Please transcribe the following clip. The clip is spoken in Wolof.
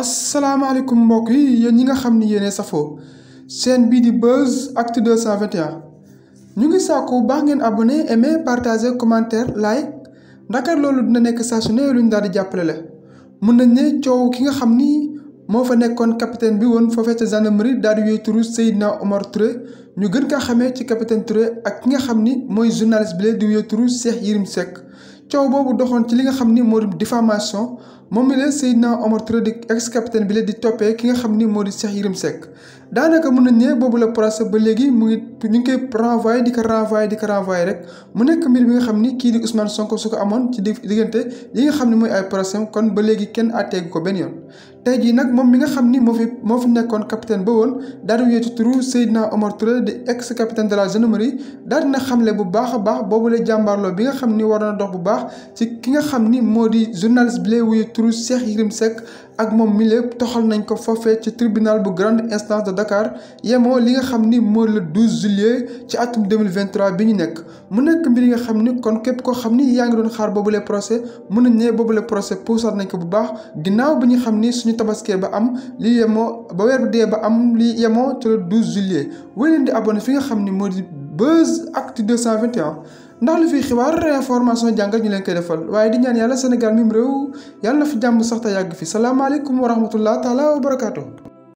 asalaamaaleykum mbokk yi yéen ñi nga xam ni yéenee safoo seen bii di Buzz Actu 221 ñu ngi sàkku baax ngeen abonné aimé partage commentaire like ndakar loolu dina nekk saa su ne lu ñu daal di jàppale la mën nañ ne coow ki nga xam ni moo fa nekkoon capitaine bi woon foofee ca gendarmerie daal di yooyu turu Seydina Omar Touré ñu gën a xamee ci capitaine Touré ak ki nga xam ni mooy journaliste bi la di yooyu turu Cheikh Yérim coow boobu doxoon ci li nga xam ni moo di diffamation moom mi la Seydina Omar Touré di ex capitaine bi la di toppee ki nga xam ni moo di Cheikh Yérim Seck daanaka mën nañ ne boobu la procès ba léegi mu ngi ngi koy renvoyé di ko renvoyé di ko renvoyé rek mu nekk mbir bi nga xam ni kii di Ousmane Sonko su ko amoon ci diggante yi nga xam ne mooy ay procès kon ba léegi kenn àtteegu ko benn yoon tey jii nag moom mi nga xam ni moo fi moo nekkoon capitaine ba woon daal di ci turu Seydina Omar Touré di ex capitaine de la gendarmerie daal dina xamle bu baax a baax boobu la jàmbaarloo bi nga xam ni war na dox bu baax ci ki nga xam ni moo di journaliste bi lay wuyu turu Cheikh Yérim Seck ak moom mi lépp toxal nañ ko foofee ci tribunal bu grande instance de Dakar yemoo li nga xam ni moo la 12 juillet ci atum 2023 bi ñu nekk mu nekk mbir yi nga xam ni kon képp koo xam ni yaa ngi doon xaar boobule procès mun nañ ne boobule procès puusaat nañ ko bu baax ginnaaw bi ñu xam ni suñu tabaskee ba am li yemoo ba weer ba am li yemoo ci le 12 juillet wéy leen di abonné fi nga xam ni moo di Buzz Actu 221 ndax lu fi xibaar information jàngat ñu leen koy defal waaye di ñaan yàlla Sénégal mim réew yàlla na fi jàmm sax yàgg fi salaamaaleykum wa rahmatullah taala wa